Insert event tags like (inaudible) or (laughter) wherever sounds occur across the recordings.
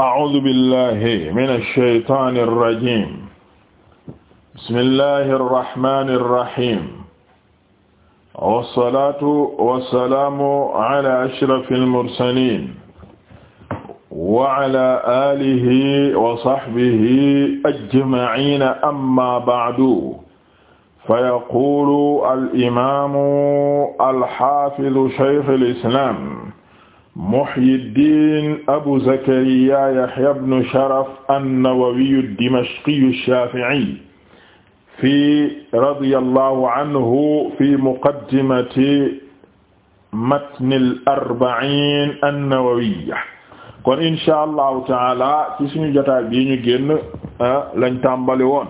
أعوذ بالله من الشيطان الرجيم بسم الله الرحمن الرحيم والصلاة والسلام على أشرف المرسلين وعلى آله وصحبه أجمعين أما بعد فيقول الإمام الحافظ شيخ الإسلام Muhyiddin Abu Zakariya Yahya ibn Sharaf an-Nawawi ad-Dimashqi ash-Shafi'i fi radiyallahu anhu fi muqaddimati matn al-arba'iin an-nawawiyya kon insha allahu taala ci suñu jotaay bii ñu génn ah, lañ tàmbali woon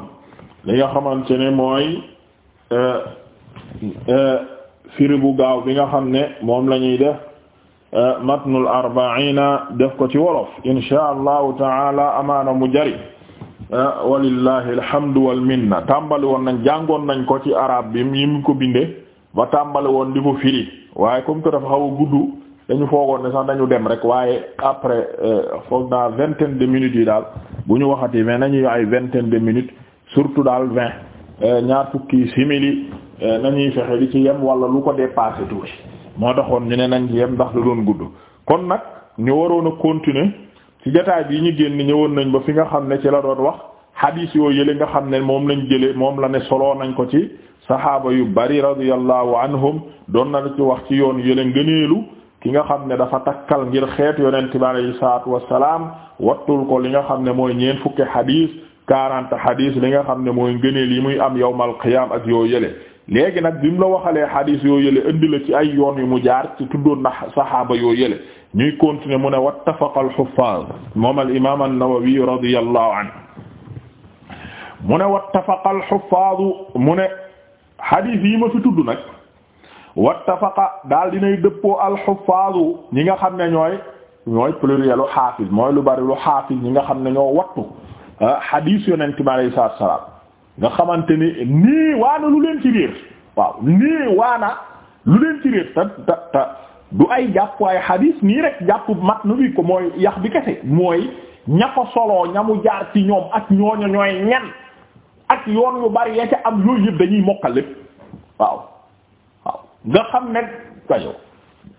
li nga xamante ne mooy eh, eh, firi bu gaaw bi nga xam ne moom la ñuy def. Eh, matnul arbaina def ko ci wolof insha allahu taala amaana mu jari eh, walillahi alhamdu wal minna tàmbali woon nañ jàngoon nañ ko ci arab bi yi mu ko binde ba tàmbali woon di ko firi waaye comme que xaw a gudd dañu foogoon ne dañu dem rek waaye après eh, foog naa vingtaine de minutes yi daal bu ñu waxati mais nañuy ay vingtaine de minutes surtout daal vingt ñaar fukki simili nañuy fexe di ci yem wala lu ko dépassé tuuti moo taxoon ñu ne nañ ci yem ndax da doon gudd kon nag ñu waroon a continuer ci jotaay bi ñu génn ñëwoon nañ ba fi nga xam ne ci la doon wax hadith yoo yële nga xam ne moom lañ jëlee moom la ne soloo nañ ko ci saxaaba yu bari radiyallahu anhum doon na ci wax ci yoon yële ngëneelu ki nga xam ne dafa takkal ngir xeet yonent bi alayhi salaatu wassalaam wattul ko li nga xam ne mooy ñeent fukki hadith quarante hadith li nga xam ne mooy ngëneel yi muy am yawmal qiyaam ak yoo yële léegi nag bi mu la waxalee xadiis yoo yële indi la ci ay yoon yu mu jaar ci tuddoon na saxaaba yoo yële ñuy continuer mu ne wattafaqa alxuffaaz moom al imaam an-Nawawi radiyallahu anhu mu ne wattafaqa alxuffaaz mu ne xadiis yi ma fi tudd nag wattafaqa daal di dinay dëppoo alxuffaaz ñi nga xam ne ñooy ñooy plurielu xaafis mooy lu bari lu yi ñi nga xam ne ñoo wattu ah, xadiis yonent bi alayhi salaatu salaam nga xamante ni nii waana lu leen ci réer waaw nii waana lu leen ci réer ta ta ta du ay jàpp ay xadiis nii rek jàpp mat nu bi ko mooy yax bi kese mooy ña ko soloo ña mu jaar ci ñoom ak ñooñu ñooy ñan ak yoon yu bari ya ca am yooyu yëpp dañuy mokkal lépp waaw waaw nga xam ne ka yow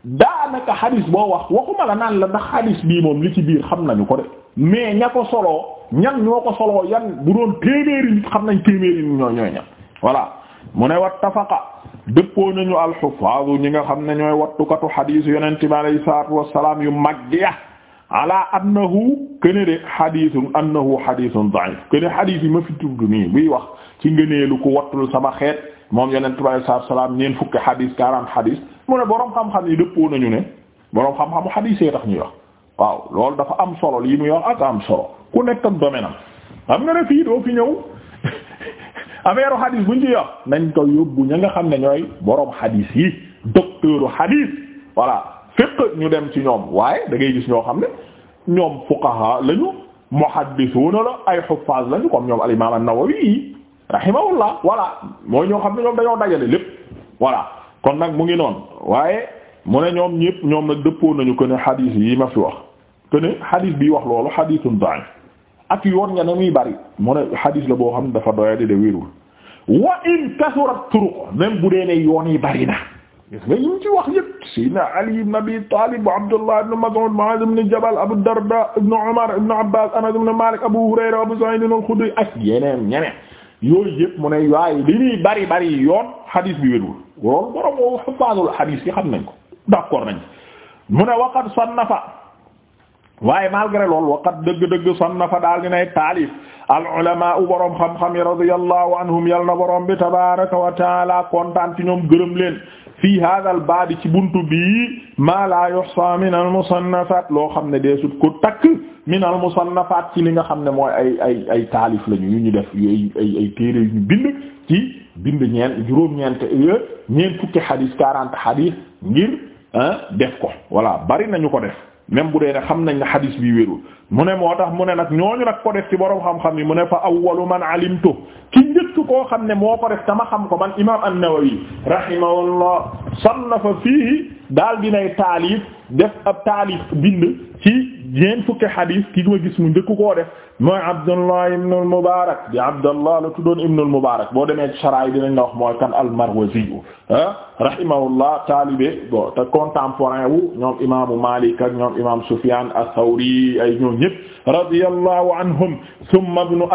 daanaka xadiis boo wax waxuma la naan la ndax xadiis bii moom li ci biir xam nañu ko de mais ña ko soloo ñan ñoo ko soloo yan bu doon téeméeri nit xam nañ téeméeri nit ñooy ñooy ñan voilà mu ne wattafaqa dëppoo nañu alxufaadu ñi nga xam ne ñooy wattukatu xadiis yonente bi alayhi salaatu wassalaam yu mag ya ala annahu kene de xadiisun annahu xadiisun da'if kene xadiis yi ma fi tudd nii buy wax ci ngëneelu ku wattul sama xeet moom yonente bi alayhi salaatu wassalaam ñeen fukki xadiis quarante xadiis mu ne boroom xam-xam yi dëppoo nañu ne boroom xam-xamu xadiis ñuy waaw loolu dafa am solo lii mu yor ak am solo ku nekk ak domaine am xam nga ne fii doo fi ñëw (laughs) affaire xadis buñ ci yor nañ ko yóbbu ña nga xam ne ñooy borom xadis yi docteuru xadis voilà fiqh ñu dem ci ñoom waaye da ngay gis ñoo xam ne ñoom fuqaha lañu muhaddisuuna la ay huffaaz lañu comme ñoom al imaam an-Nawawi rahimahullah voilà mooy ñoo xam ne ñoom dañoo dajale lépp voilà kon nag mu ngi noonu waaye mu ne ñoom ñépp ñoom nag dëppoo nañu ko ne xadis yi ma fi wax. que ne xadis bi wax loolu xadisun da'if ak yoon nga ne muy bari mu ne xadis la boo xam ne dafa doyadi de wérul wa in kasurat turuq même bu dee ne yoon yi bari na gis nga yiñ ci wax yëpp saydna ali ibn abi talib abdullah ibn mas'ud mu'adh ibn jabal abu darda ibn umar ibn abbas anas ibn malik abu hurayra abu sa'id al-khudri ak yeneen ñeneen yooyu yëpp mu ne waaye li ñuy bari bari yoon xadis bi wérul loolu borom xuffaadul xadis yi xam nañ ko d'accord nañ mu ne waqad sannafa waaye malgré loolu waqat dëgg-dëgg sannafa daal dinay taalif al ulama u boroom xam-xam yi radiyallahu anhum yal na boroom bi tabaraka wa kontaan ci ñoom gërëm leen fi hada al baadi ci buntu bi ma la yuhsa min al musannafat loo xam ne deesut ko takk min al musannafat ci li nga xam ne mooy ay ay ay taalif lañu yu ñu def ay ay ay yu ñu bind ci bind ñeen juróom-ñeent ñeent fukki xadis quarante ngir def ko voilà bari nañu ko def même bu dee ne xam nañ ne hadis bi wérul mu ne moo tax mu ne nag ñooñu nag ko def borom xam-xam yi mu ne fa awwalu man alimtu ki njëkk koo xam ne moo ko def tama xam ko man imam an-Nawawi rahimahullah sannafa fiihi daal dinay taalif def ab taalif bind ci ñeent fukki xadis ki ma gis mu njëkk koo def mooy Abdullah ibn al-Mubarak di Abdullah la tuddoon ibn al-Mubarak boo demee ci saraay dinañ la wax mooy kan al-Marwazi ah rahimahullah taalibe bon te contemporain wu ñoom imaamu Malik ak imam Sufyan ath-Thawri ay ñoom ñëpp radiyallahu anhum thumma ibn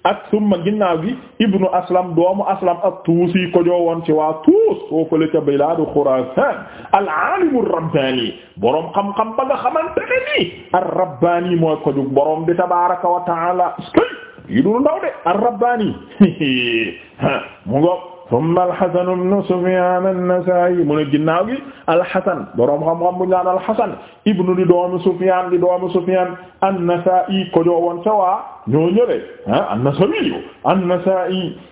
ak summa ginnaaw gi ibnu aslam doomu aslam ak tuusi ko joowoon ci waa tuus foo fële ca bilaadu xuraasaan al-aalimu rabbaani boroom xam-xam ba nga xamante ne nii ar-rabbaani mooy ko jug boroom di tabaaraka wa taala yi du ndaw de ar-rabbaani (laughs) mu ngoog thumma al-Hasan ibn Sufyaan an-Nasaa'i mu ne ginnaaw gi al-Hasan boroom xam-xam bu ñu naan al-Hasan ibnu di doomu Sufyaan di doomu Sufyaan an-Nasaa'i ko joowoon ca waa ñoo ñële ah an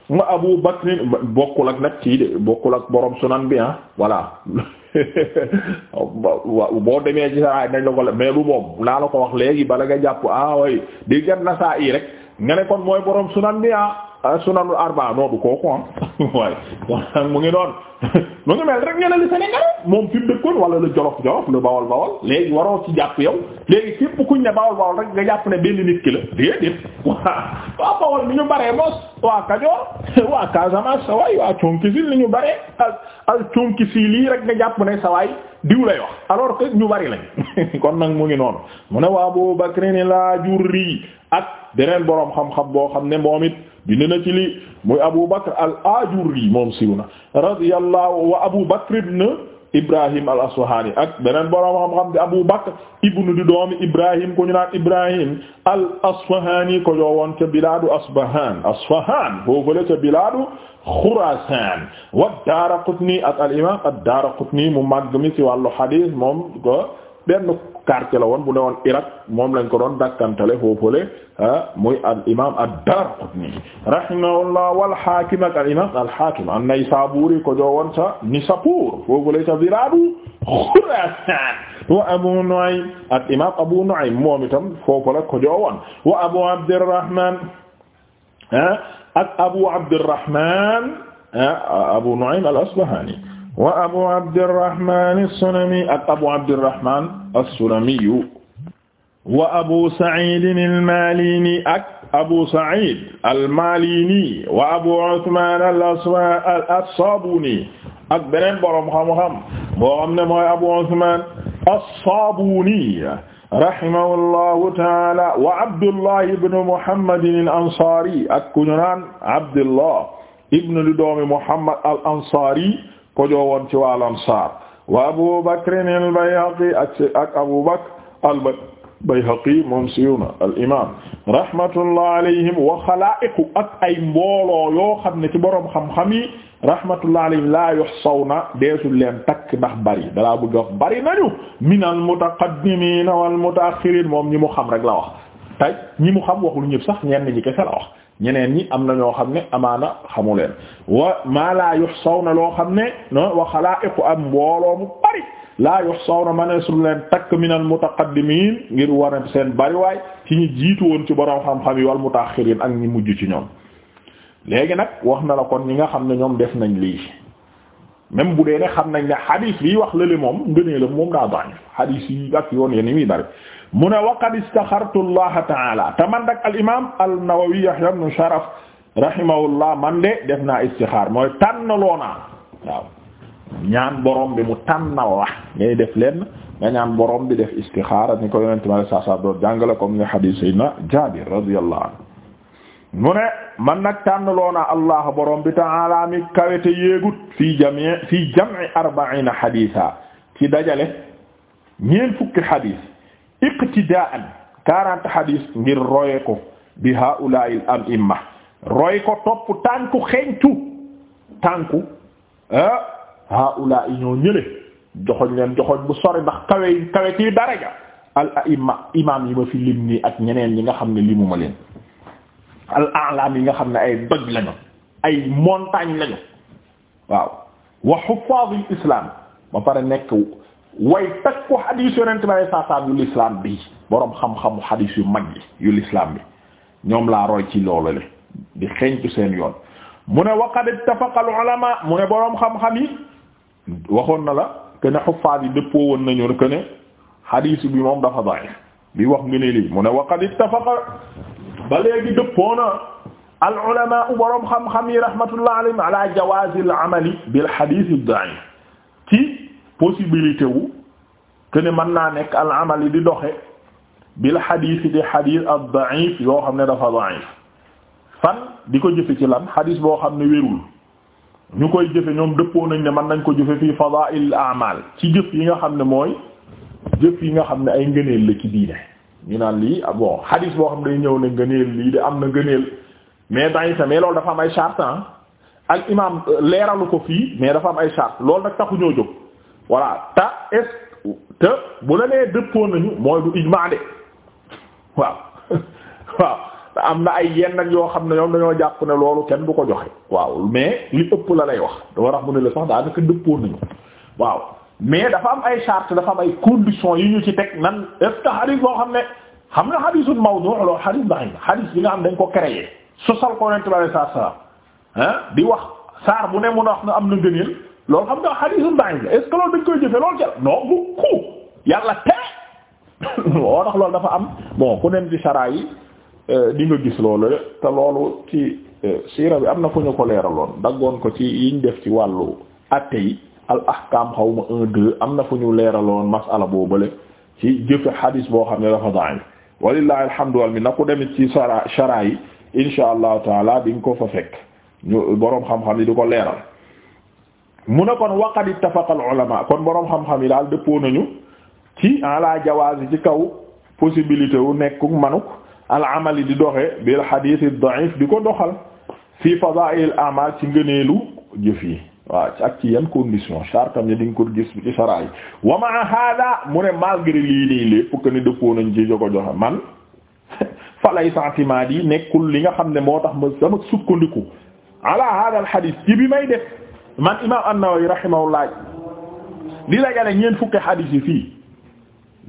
Abu Bakr bokkul ak nag kii de bokkul ak boroom sunan bi ah voilà (laughs) boo demee ci saa nañ la ko mais naa la ko bala nga jàpp ah way di gat Nasaa'i rek nga ne kon mooy boroom sunan bi ah Ah sunanul arba non du kooku ah (laughs) waaye kon mu ngi doon (laughs) mu ngi mel rek ñu ne li Sénégal moom fi dëkkoon wala le jolof jolof le bawol bawol léegi waroo ci jàpp yow léegi képp kuñ ne bawol bawol rek nga jàpp ne benn nit ki la déedéet (laughs) waa waa bawol ni ñu baree mos waa Kajoor waa Casamance sa waay waa Thionkisile ni ñu baree al al Thionkisile lii rek nga jàpp ne sa waay diw lay wax alors ñu bari lañ kon nag mu ngi noonu mu ne waa Abu Bakr la jurri ak beneen boroom xam boo xam ne moom bind na ci li muy Abu Bakr al-Ajurri moom siiw na radiyallahu wa Abu Bakr ibn Ibrahim al-Asfahani ak beneen borom xam-xam di Abu Bakr ibnu di doomi Ibrahim ku ñu naan Ibrahim al-Asfahani ko joowoon ca bilaadu Asbahan Asfahan foofule ca bilaadu Khurasan wa Daraqutni ak al-imam ad-Daraqutni mu màgg mi ci wàllu hadith moom ko benn quartier la woon bu ne woon Irak moom lañ ko doon dakkantale foofule ah muy al imaam ad-Daraqutni rahimahullah wal Hakim ak al imaam al Hakim an-Naysaburi ko joowoon sa Nisapur foofule sa Viradu Khurasan wa Abu Nu'aym ak Abu Nu'aym Abu Abdurrahman ah, ah, al-Asbahani wa abu abdirrahman as-sulami ak abu abdirrahman as-sulami wa abu sa'id al-malini ak abu sa'id al-malini wa abu uthman as-sabuni ak beneen borom xam-xam boo xam ne mooy abu uthman as-sabuni rahimahullahu ta'ala wa abdullah ibn muhammad al-ansari ak ku ñu naan abdullah ibn doomi muhammad al-ansari ko joowoon ci wal ansaar wa Abu Bakr al-Bayhaqi ak Abu Bakr al-Bayhaqi moom siiw na al imaam rahmatullah alayhim wa xalaa'iqu ak ay mbooloo yoo xam ne ci boroom xam-xam yi rahmatullah alayhim laa yuhsawna deesul leen takk ndax bari dalaa bëgg wax bari nañu min al-mutaqaddimiina wal-muta'axxiriin moom ñi mu xam rek la wax tey ñi mu xam waxul ñëpp sax ñenn ñi kese la wax ñeneen ñi am na ñoo xam ne amaana xamu leen wa maa laa na loo xam ne xalaa xalaa'iqu am mbooloo mu bari laa yuhsawna maneesul leen takk minal mutaqaddimiin ngir wane seen bariwaay ci ñi jiitu woon ci borom xam-xam yi wal mutaaxiriin ak ñi mujj ci ñoom. léegi nag wax na la kon ñi nga xam ne ñoom def nañ lii même bu dee ne xam nañ ne hadith bii wax lële moom ngënee la moom daa bañ hadith yi ak yoon yéen yi muy bari mu ne waqad istaxartu allah taala te man dak al imam al nawawi yahya ibn sharaf rahimahullah man de def naa istixaar mooy tànnaloo naa waaw ñaan borom bi mu tànnal la ngay def leen nga ñaan bi def istixaara ni ko yonente ma le saa saa doon jàngale comme ni hadith sayyidina jabir radiyallahu anhu mu man nag tànnaloo naa allah borom bi ta'ala mi kawete yéegut fii jam'i fii jam'i arba'iina haditha ki dajale ñeent fukki hadith iqtidaan quarante hadith ngir roye ko bi haulail am imma roy ko topp tànku xeeñtu tànku ah haulail ñoo ñële joxoñ leen joxoñ bu sori ndax kawe kawe ci daraja al aima imam yi ma fi lim nii ak ñeneen ñi nga xam ne limuma leen al a'lam yi nga xam ne ay doj lañu ay montagne lañu waaw wa huffazul islam ba pare nekk way takku xadiis yonent bi ay saasaam yu lislaam bi boroom xam-xamu xadiis yu mag yi yu lislaam bi ñoom laa roy ci loolu le di xeeñtu seen yoon mu ne waqad ittafaqa al ulama mu ne xam-xam waxoon na la que ne xuffaat yi dëppoo woon nañu que bi moom dafa da'if bi wax nga ne lii mu ne waqad ittafaqa ba na al ulama boroom xam-xam yi rahmatullah alayhim ala jawaazi al amali bil xadiis ad-da'if ci possibilité wu que ne man naa nekk al amal yi di doxe bil xadiis di xadiis ad da'if yoo xam ne dafa da'if fan di ko jëfe ci lan xadiis boo xam ne wérul ñu koy jëfe ñoom dëppoo nañ ne mën nañ ko jëfe fii fadaa'il a'mal ci jëf yi nga xam ne mooy jëf yi nga xam ne ay ngëneel la ci diine ñu naan lii ah bon xadiis boo xam ne day ñëw ne ngëneel lii de am na ngëneel mais da'if mais loolu dafa am ay charte ak ah. imaam euh, leeralu ko fii mais dafa am ay charte nag taxu jóg voilà ta est te bu la nee dëppoon nañu mooy du ijmaa de waaw (laughs) waaw am na ay yenn nag yoo xam ne ñoom dañoo jàpp ne loolu kenn du ko joxe waaw mais li ëpp la lay wax dama tax mu ne la sax daanaka dëppoon nañu waaw mais dafa am ay charte dafa am ay conditions yu ñu ci teg nan est-ce que hadith boo xam ne xam nga hadithul mawdu' loolu hadith daxin hadith yi nga xam dañ ko créé sosal ko Yonent bi sallallahu alayhi wasallam ah di wax saar bu ne mun a wax na am na gëneel loolu xam nga xadiisun da'if la est ce que loolu koy jëfe loolu ca non bu ku yàlla tere woo (laughs) tax loolu dafa am bon ku nem ci sara yi euh, di gis loolu te loolu ci euh, siira bi am na fu ñu ko leeraloon daggoon ko ci ñu def ci wàllu atte yi al ahkam xawma un deux am na fu ñu leeraloon masala boobale ci jëfe xadiis boo xam ne dafa da'if walillahi alhamdu wal minna ku demit ci sara sara yi insha allahu taala di nga ko fa fekk ñu boroom xam-xam ni di ko leeral mu ne kon waqad ittafaqa al ulama kon boroom xam-xam yi daal dëppoo nañu ci ala jawaaz ci kaw possibilité wu nekkuk manuk al amali di doxe bil hadith ad da'if di ko doxal fi fadaa'il al a'mal ci ngëneelu jëf yi waaw ak ci yan condition chartam yi di nga ko gis ci saraay wa ma hada mu ne malgré lii nii lépp que ne dëppoo nañ ci jogo joxe man (laughs) falay sentiment yi nekkul li nga xam ne moo tax ma sama sukkandiku ala hada al bi may def man imaam an-Nawawi li di la gane ñeent fii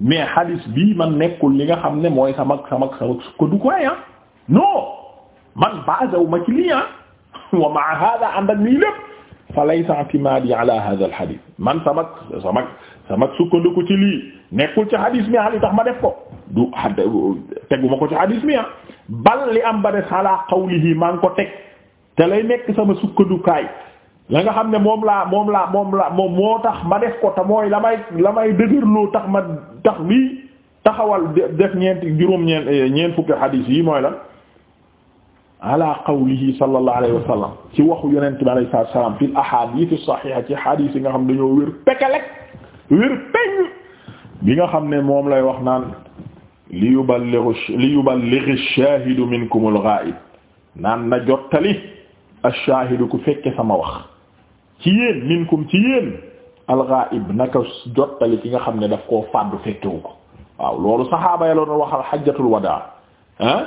mais xadiis bii man nekkul li nga xam ne mooy sama sama sama sukkandikuwaay ah non man basé ma ci lii ah (laughs) wa maa hada ànd ak nii lépp fa laysa i'timaadi ala hada al-xadiis man sama sama sama ci lii nekkul ci xadiis mi ah li ma def ko du xad teguma ko ci xadiis mi ah. bal li am ba des ala qawlihi maa ngi ko teg te lay nekk sama sukkandukaay. la nga xam ne moom laa moom laa moom laa moom moo tax ma def ko te mooy la may la may dëgërloo tax ma tax lii taxawal def ñeenti juróom ñeent eh, ñeent fukki xadiis yi mooy la ala qawlihi sallallahu alayhi wa sallam ci waxu yonent bi alayhi salaatu wa salaam fil ahadiis as nga xam dañoo wér nga xam ne moom lay wax naan li yuballighu li yuballighu ash-shaahidu minkum al-ghaa'ib naan na jottali ash-shaahidu ku fekke sama wax ci yéen minkum ci yéen alghaib naka jottali ki nga xam ne daf koo fàddu fekkewu ko waaw loolu saxaaba ya la doon waxal xajjatul wadaa ah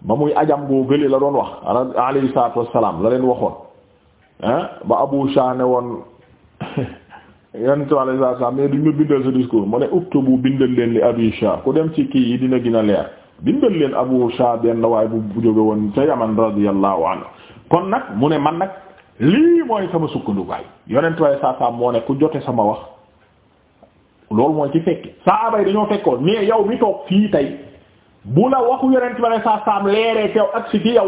ba muy ajam goo gële la doon wax alayhi salaatu wassalaam la leen waxoon ah, ba Abu Shah ne woon (laughs) yonent bi alayhi salaatu wassalaam duñ ma bindal sa discours mu ne uktubu bindal leen li Abi Shah ku dem ci kii yi dina gina leer bindal leen Abu Shah benn waaye bu jóge woon ca Yaman radiyallahu anhu kon nag mu ne man nag lii mooy sama sukkandukaay yonent waaye saa saa moo ne ku jote sama wax loolu mooy ci fekke saaba yi dañoo fekkoon mais yow mi toog fii tey bu la waxu yonent waaye saa saa am leeree ak si ci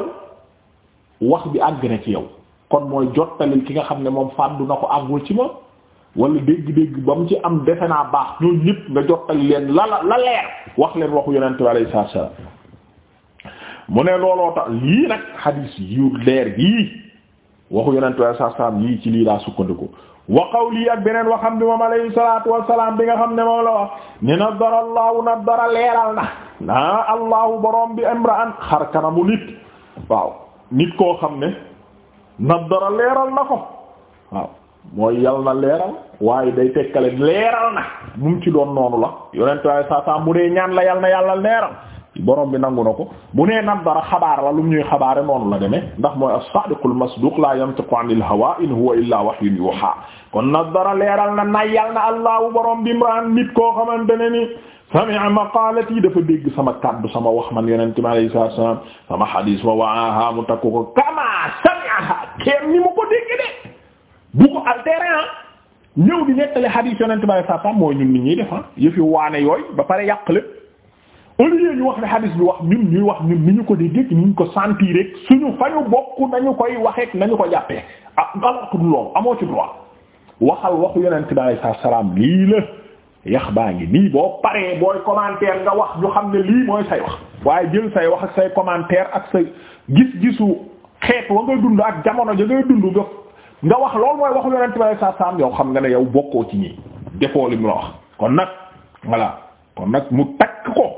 wax bi àgg na ci yow kon mooy jottalil ki nga xam ne moom fàddu na ko àggul ci ma wala dégg-dégg ba mu ci am defe naa baax ñoo ñëpp nga jottali leen la la la leer wax leen waxu yonent bi alayhi salaatu wa mu ne looloo tax lii nag xadiis yu leer yii waxu yonent waaye saa saam ci lii laa sukkandiku wa lii ak beneen waxam bi moom alayhi salaatu wassalaam bi nga xam ne moom la wax ni nadara allahu nadara leeral na naa allahu borom bi imraan xar kanamu nit waaw nit koo xam ne nadara leeral na ko waaw mooy yal na leeral waaye day tekkale leeral na mu mu ci doon noonu la yonent waaye saa bu dee ñaan la yal na yàlla leeral borom bi nangu na ko bu nee nandara xabaar la lu ñuy xabaare noonu la demee ndax mooy as-sadiqul masduq la yantiqu anil hawa kon nadara leeral na nayyal na allahu borom bi imran nit koo xamante ne ni sami'a maqalati dafa dégg sama kaddu sama wax man yonente mi alayhi salaatu salaam sama hadis wa mu takku ko kama sami'aha kenn ni mu ko dégg de bu ko altéré ah. ñëw di nettali hadis yonente mi alayhi mooy ñun nit ñuy def ah yëfi waane yooyu ba pare yàq lépp au lieu ñu wax ne xadis bi wax ñun ñuy wax ñun ni ñu ko déggee ni ñu ko sentir rek suñu fa ñu bokk nañu koy waxeek nañu ko jàppee ah alors que loolu amoo ci droit waxal waxu yonent bi alayhi salaam lii la yax baa ngi nii boo paree booy commentaire nga wax ñu xam ne lii mooy say wax. waaye jël say wax ak say commentaire ak sa gis-gisu xeet wa ngay dund ak jamono ja ngay dund nga nga wax loolu mooy waxu yonent bi alayhi salaam yow xam nga ne yow bokkoo ci ñi defoo li mu la nag mu takk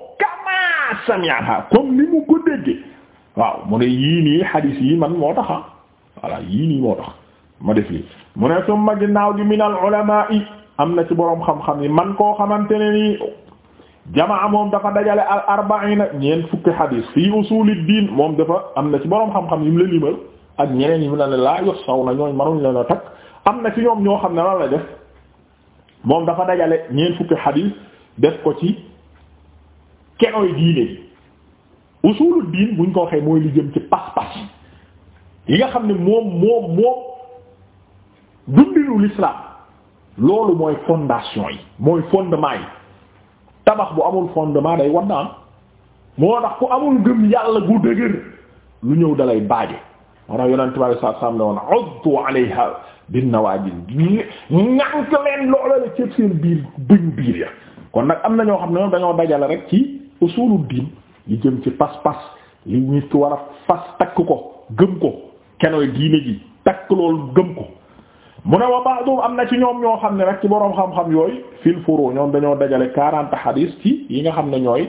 kama sami'aha comme ni mu ko dégge waaw mu ne yii nii hadis yi man moo tax voilà yii nii moo tax ma def lii mu ne summa ginnaaw gi minal ulama yi am na ci boroom xam-xam yi man koo xamante ne nii jamaa dafa dajale al arbaina ñeent fukki hadis fii usulid diin moom dafa am na ci boroom xam-xam yi mu la limal ak ñeneen yi mu ne la laa yos saw na ñooñ manuñ leen a takk am na ci ñoom ñoo xam ne lan la def moom dafa dajale ñeent fukki hadis def ko ci kenoy diine yi usulu diin buñ ko waxee mooy li jëm ci pas-pas yi nga xam ne moom moom moom dundinu l'islam loolu mooy fondation yi mooy fondement yi tabax bu amul fondement day war na moo tax ku amul gëm yàlla gu dëgër lu ñëw dalay baaje moo tax yonent bi sallallahu alayhi wa sallam ne woon uddu alayha bin leen loola la cëb seen biir bëñ biir ya kon nag am na ñoo xam ne ñoom dañoo dajale rek ci usulu diin li jëm ci pas-pas li nit ki war a fas takk ko gëm ko kenooy diine ji takk loolu gëm ko mu ne wa ba'du am na ci ñoom ñoo xam ne rek ci boroom xam-xam yooyu fil furu ñoom dañoo dajale quarante hadis ci yi nga xam ne ñooy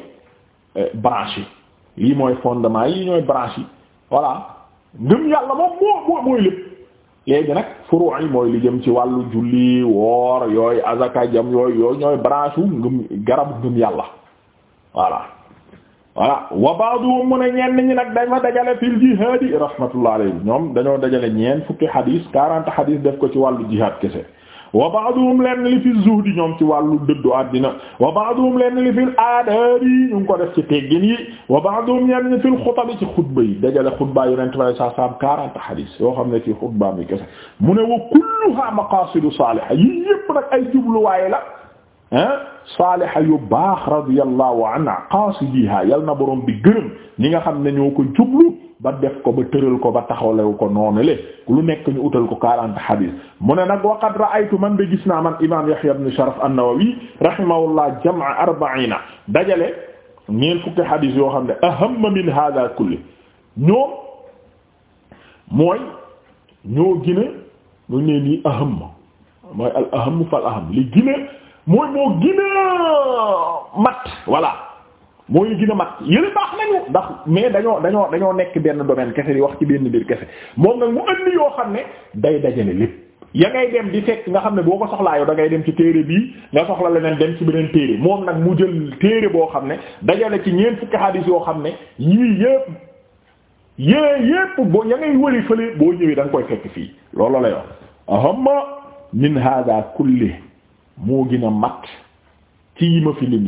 eh, branche yi lii mooy fondement yi ñooy branche yi voilà ngëm yàlla moom moo mooy lépp léegi nag furu yi mooy li jëm ci wàllu julli woor yooyu azaka jam yooyu ñooy branche wu ngëm garabu ngëm yàlla voilà voilà wa ba'duhum mu ne ñenn ñi nag dafa dajale fil jihaadi rahmatullah alayhi ñoom dañoo dajale ñeen fukki xadiis quarante xadiis def ko ci wàllu jihaad kese wa ba'duhum lenn li fi zuhdi ñoom ci wàllu dëddu àddina wa ba'duhum lenn li fil aadaab yi ñu ngi ko def ci teggin yi wa ba'duhum ñenn ñi fil xutabi ci xutba yi dajale xutbaa yonent bi saa saam quarante xadiis yoo xam ne ci xutbaa mi kese mu ne wa kulluha maqaasidu saaliha yi yépp la saaliha yu baax radiyallahu anha qasidiha yal na boroom bi gërëm ñi nga xam ne ñoo ko jublu ba def ko ba tëral ko ba taxawlewu ko noonu le lu nekk ñu utal ko quarante hadith mu ne nag waqad ra'aytu man de gis naa man imam Yahya ibn Sharaf an-Nawawi rahimahullah jam'a arba'ina dajale ñeen fukki hadith yoo xam ne ahamma min hadha kulli ñoom mooy ñoo gën a lu ne nii aham mooy al aham fal aham li gën mooy moo gën a mat voilà mooy gën a mat yële baax nañu ndax mais dañoo dañoo dañoo nekk benn domaine kese di wax ci benn biir kese moom nag mu andi yoo xam ne day dajale lépp ya ngay dem di fekk nga xam ne boo ko soxlaa yow da dem ci téere bii nga soxla leneen dem ci beneen téere moom nag mu jël téere boo xam ne dajale ci ñeent fukki hadis yoo xam ne yii yépp yée yépp boo ya ngay wëri fële boo ñëwee da koy fekk fii loolu la yo ahamma min hada kulli moo gën a mat ci ma fi lim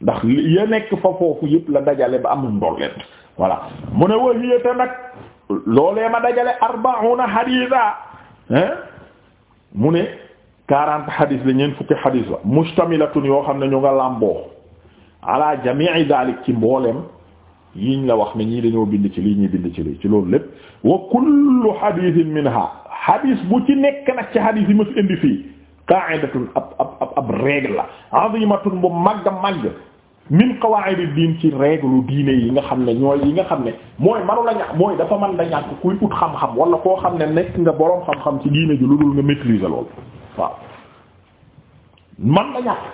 ndax ya nekk fa foofu yëpp la dajale ba amul ndolleent voilà mu ne wahiyata nag loolee ma dajale arbauna haditha hein mu ne quarante hadith la ñeen fukki hadith la mustamilatun yoo xam ne ñu nga làmboo ala jami'i dalik ci mbooleem yiñ la wax ne ñii dañoo bind ci lii ñuy bind ci lii ci loolu lépp wa kullu hadithin minha hadith bu ci nekk nag ci hadith yi ma fi indi fii qa'idatun ab ab ab règle la azimatun bu màgg a màgg min qawaa'id ad-din ci règle diine yi nga xam ne ñooy yi nga xam ne mooy manu la mooy dafa mën da ñàkk kuy ut xam-xam wala koo xam ne nekk nga boroom xam-xam ci diine ji lu dul nga maîtriser lool waaw man la ñàkk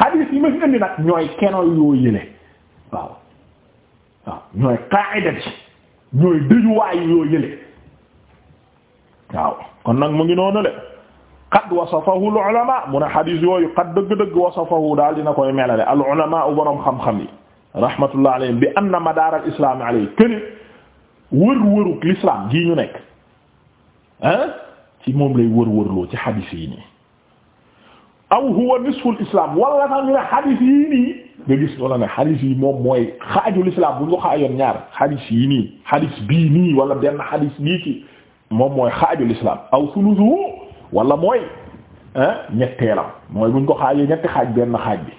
hadith yi ma fi indi nag ñooy keno yoo yële waaw ñooy qaa'ida bi ñooy dëjuwaay yoo yële waaw kon nag mu ngi noonu le qad wasafahu al ulama mu ne xadis yooyu qad dëgg-dëgg wasafahu daal dina koy melale al ulama u boroom xam-xam yi rahmatullah alayhim bi anna madaar al islam alayhi këne wër-wëruk l'islam gii ñu nekk ah ci moom lay wër-wërloo ci xadis yi nii aw huwa nisful islam wala sax ñu ne xadis yii nii nga gis wala ne xadis yi moom mooy xaaju l'islam bu ñu ko xaajoon ñaar xadis yii nii xadis bii nii wala benn xadis bii ci moom mooy xaaju l'islam aw sulusuhu wala mooy ñetteelam mooy buñ ko xaajee ñetti xaaj benn xaaj bi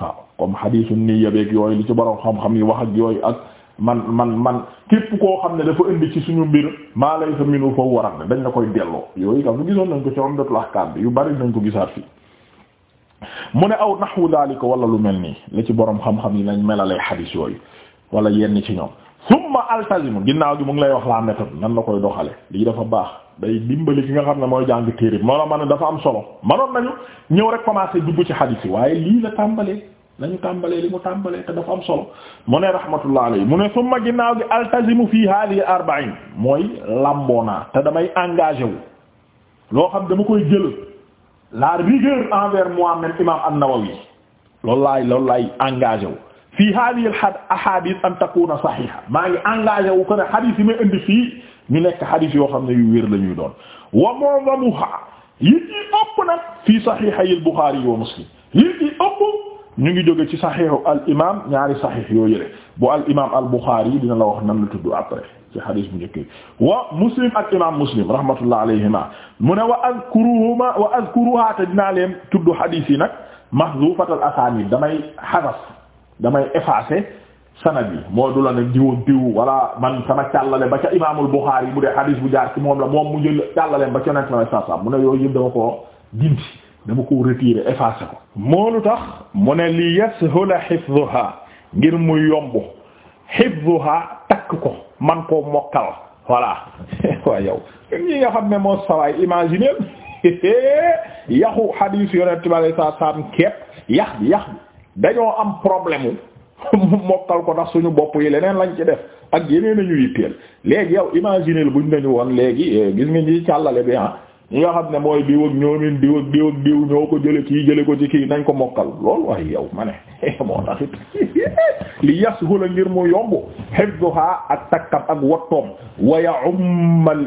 waaw comme xadiisu niyya beeg yooyu li ci borom xam-xam yi wax ak yooyu ak man man man képp koo xam ne dafa indi ci suñu mbir maa lay sa minu foofu waral ne dañ la koy delloo yooyu tam gisoon nañ ko ci Umdatul Ahkaam bi yu bari nañ ko gisaat fii mu ne aw naxwu daalika wala lu mel nii li ci borom xam-xam yi nañ melale xadiis yooyu wala yenn ci ñoom summa altazimu ginnaaw gi mu ngi lay wax la méthode nan la koy doxale lii dafa baax day dimbali ki nga xam ne mooy jàng téere moo la man dafa am solo manoon nañu ñëw rek commencé dugg ci xadiis si waaye lii la tàmbalee lañu tàmbalee li mu tàmbalee te dafa am solo mu ne rahmatullah alayhi mu ne summa ginnaaw gi altazimu fii hadhihi arba'in mooy lamboonaa te damay engagé wu loo xam dama koy jël la rigueur envers moi-même imam an-Nawawi loolu laay loolu laay engagé wu fii hadhihi al ahadith an takuna sahiha maa ngi engagé wu ko ne hadith yi may indi fii ñu nekk hadith yoo xam ne yu wér la ñuy doon wa mu'zamuha yi ci ëpp nag fii sahihay al bukhari wa muslim yi ci ëpp ñu ngi jóge ci sahihu al imam ñaari sahih yoo yële bu al imam al bukhari dina la wax nan la tudd après ci hadith bu njëkk wa muslim ak imam muslim rahmatullah alayhima mu ne wa azkuruhuma wa azkuruha te dinaa leen tudd hadith yi nag mahzufatal asanid damay xasaf damay effacer sanad yi moo du la ne diw diw wala man sama càllale ba ca imaamul Buxaari yi bu dee xadiis bu jaar ci moom la moom mu jël càllale ba ca nekk na sasam mu ne yooyu yëpp dama ko dindi dama ko retirer effacer ko moolu tax mu ne li yashula hifdhuha ngir mu yomb hifdhuha takk ko man koo mokkal voilà (laughs) waa yow ñi nga xam ne moo sawaay imaginer (laughs) yaxu xadiis yonent bi sallallahu alayhi wasallam kepp yax bi yax bi dañoo am problème mu (laughs) mokkal ko ndax suñu bopp yi leneen lañ ci def ak yeneen a ñu yitteel léegi yow ñu buñ nañu woon léegi eh, gis nga ñi càllale bi ah ñi nga xam ne mooy diw ak ñoomin diw ak diw ñoo ko jële kii jële ko ci kii nañ ko mokkal loolu waaye yow ma ne (laughs) moo taxit (laughs) li yashula ngir mu yomb hifdha ak takkam ak wattoom wa ya'um al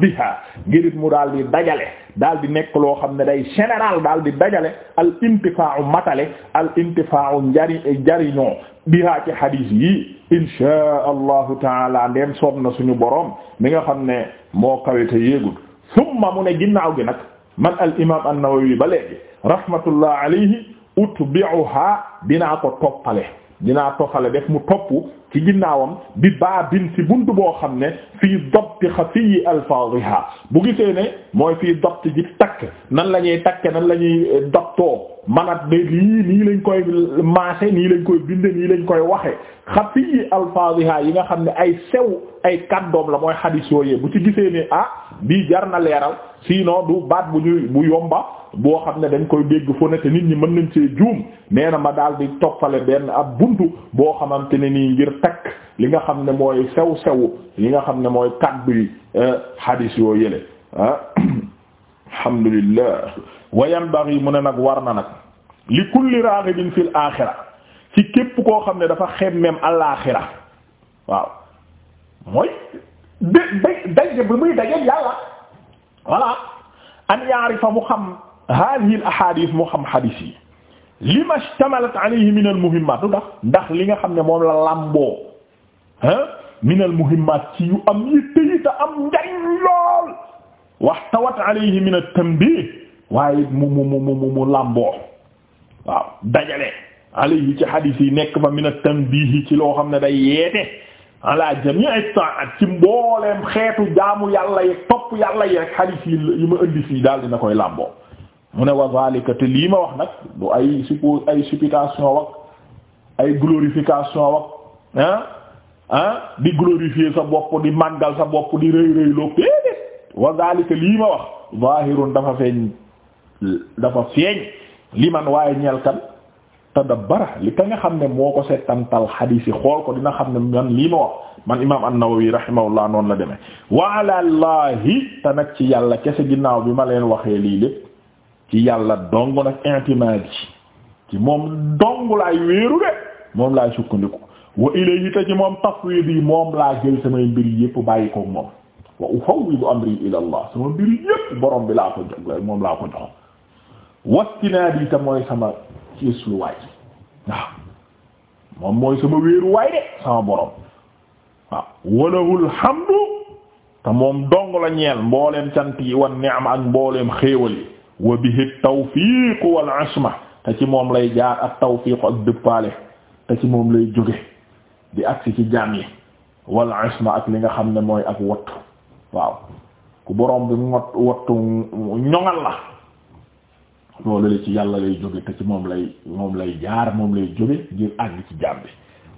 biha ngirit mu daal di dajale daal di nekk loo xam ne day général daal di dajale al intifa'u matale al intifa'u njari jariñoo biha ci hadis yi insha allahu taala ndeen soob na suñu boroom mi nga xam ne moo kawite yéegul summa mu ne ginnaaw gi nag man al imam an-Nawawi ba léegi rahmatullah alayhi utbi'uha dinaa ko toppale dinaa toppale def mu topp ci ginnaawam bi baabin ci buntu boo xam ne fii dabti xafiyi alfaadiha bu gisee ne mooy fii dabti ji takk nan la ñuy takke nan la ñuy dabtoo manat de lii nii lañ koy maase nii lañ koy binde nii lañ koy waxe xafi yi alfaadiha yi nga xam ne ay sew ay kaddoom la mooy xadis yooyee bu ci gisee ne ah bii jar na leeral sinon du baat bu ñuy bu yomba boo xam ne dañ koy dégg fu ne te nit ñi mën nañ see juum nee ma daal di toppale benn ab buntu boo xamante ne nii ngir takk li nga xam ne mooy sew sew li nga xam ne mooy kaddu yi eh, xadis yoo yële ah, (clears throat) alhamdulillah wa yanbaghi mu ne nag war na nag li kulli raghibin fil aaxira ci képp koo xam ne dafa xemmem alaaxira waaw mooy de de daje bi muy daje yàlla voilà an ya'rifa mu xam haadihi al ahaadiis mu xam hadiis yi li ma ishtamalat alayhi min al muhimmaat du tax ndax li nga xam ne moom la làmboo ah min al muhimmaat ci yu am yitte yi te am njariñ lool waxtawat alayhi min at-tanbih waaye mu mu mu mu mu làmboo waaw dajale alayhi ci xadiis yi nekk fa min at-tanbih ci loo xam ne day yeete ala jami' at-ta'at ci mbooleem xeetu jaamu yàlla yi yàlla yi rek xadiis yi yi ma indi fii daal dina koy làmboo mu ne wa zalika lii ma wax nag du ay suppo ay supputation wak ay glorification wak ah ah di glorifier sa bopp di màggal sa bopp di rëy rëy loo déedéet wa zalika lii ma wax zahirun dafa feeñ dafa feeñ li man waaye ñeel kan li ka nga xam ne moo ko settantal xadiis yi xool ko dina xam ne man lii ma wax man imaam an-Nawawi noon noonu la demee wa ala llaahi te nag ci yàlla kese ginnaaw bi ma leen waxee lii lépp ci yàlla dong nag intimaadi ci moom dong laay wéeru de moom laay sukkandiku wa ilayhi te ci moom tafwid yi moom laa jël samay mbir yépp bàyyi ko moom wa ufawwidu amri ila sama mbir yépp borom bi laa ko jox moom laa ko jox wastinaadi te mooy sama ciisluwaay waaw moom mooy sama wéeruwaay de sama borom waaw walahul hamdu te moom dong la ñeel mbooleem cant yi wan ni'am ak mbooleem xéewal yi wa bihi tawfiq wal isma te ci moom lay jaar ak tawfiq ak dëppaale te ci moom lay jóge di agsi ci jaam yi wal isma ak li nga xam ne mooy ak wot waaw ku borom bi wattu ñoŋal la loolu ci yàlla lay jóge te moom lay moom lay jaar moom lay jóge ngir àgg ci jaam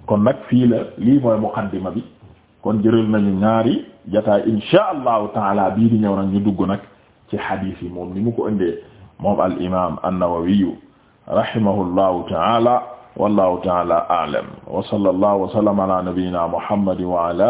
kon nag fii la lii mooy muqaddima bi kon jëral nañu ñaari jataay insha allahu taala bii di ñëw nag ñu dugg nag ci xadiis yi moom ni ko indee moom al imaam an-Nawawiyu taala wallahu taala a'lam wa sallallahu wa sallama Muhammad wa ala